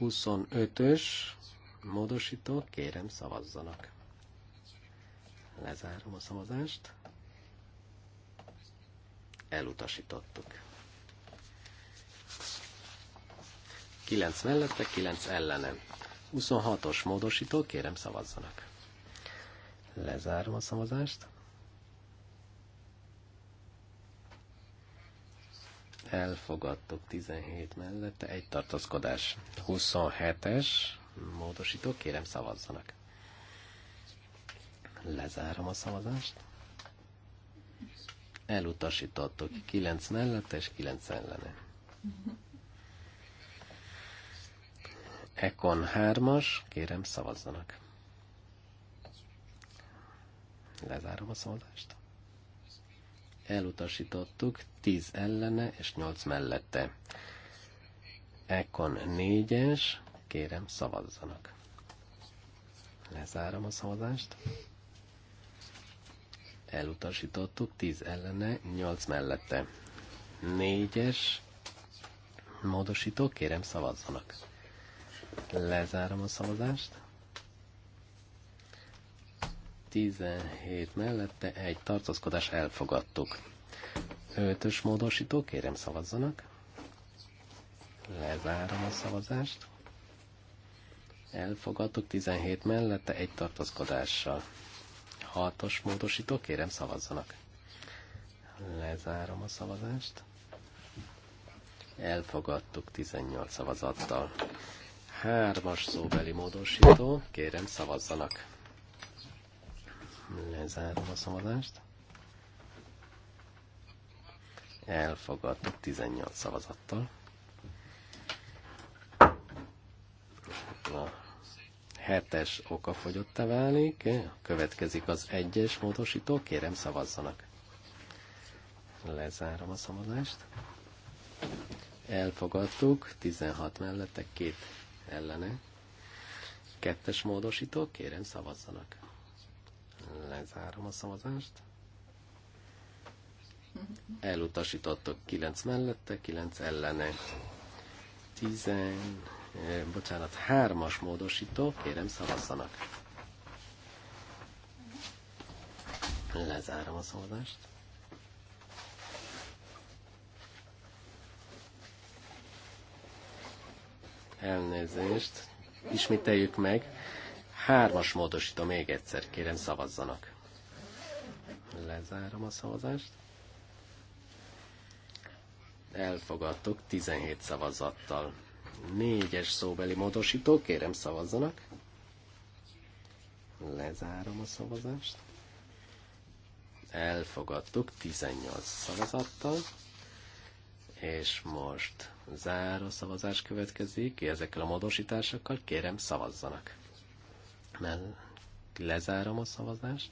25-ös módosító, kérem szavazzanak. Lezárom a szavazást. Elutasítottuk. 9 mellette, 9 ellene. 26-os módosító, kérem szavazzanak. Lezárom a szavazást. elfogadtuk 17 mellette, egy tartózkodás. 27-es módosító, kérem szavazzanak. Lezárom a szavazást. Elutasítottuk 9 mellette és 9 ellene. Ekon 3-as, kérem szavazzanak. Lezárom a szavazást elutasítottuk, 10 ellene és 8 mellette. Ekon 4-es, kérem szavazzanak. Lezárom a szavazást. Elutasítottuk, 10 ellene, 8 mellette. 4-es, módosító, kérem szavazzanak. Lezárom a szavazást. 17 mellette egy tartózkodás elfogadtuk. Ötös módosító, kérem szavazzanak. Lezárom a szavazást. Elfogadtuk 17 mellette egy tartózkodással. Hatos módosító, kérem szavazzanak. Lezárom a szavazást. Elfogadtuk 18 szavazattal. Hármas szóbeli módosító, kérem szavazzanak Lezárom a szavazást. Elfogadtuk 18 szavazattal. A hetes oka fogyottá válik, következik az egyes módosító, kérem szavazzanak. Lezárom a szavazást. Elfogadtuk, 16 mellette, két ellene. Kettes módosító, kérem szavazzanak. Lezárom a szavazást. Elutasítottak 9 mellette, 9 ellene. 10, eh, bocsánat, 3-as módosító, kérem szavazzanak. Lezárom a szavazást. Elnézést. Ismételjük meg. Hármas módosító még egyszer, kérem szavazzanak. Lezárom a szavazást. Elfogadtok 17 szavazattal. Négyes szóbeli módosító, kérem szavazzanak. Lezárom a szavazást. Elfogadtuk 18 szavazattal. És most záró szavazás következik, ezekkel a módosításokkal kérem szavazzanak. lezárom a szavazást.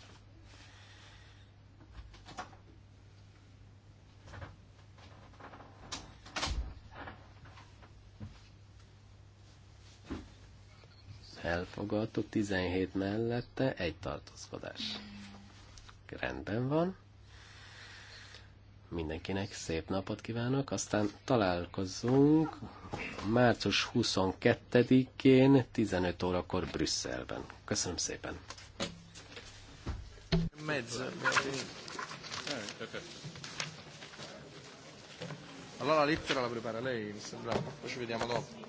elfogadtuk, 17 mellette egy tartózkodás. Rendben van. Mindenkinek szép napot kívánok, aztán találkozunk március 22-én 15 órakor Brüsszelben. Köszönöm szépen! Allora la lettera la prepara lei, mi sembra, poi ci vediamo dopo.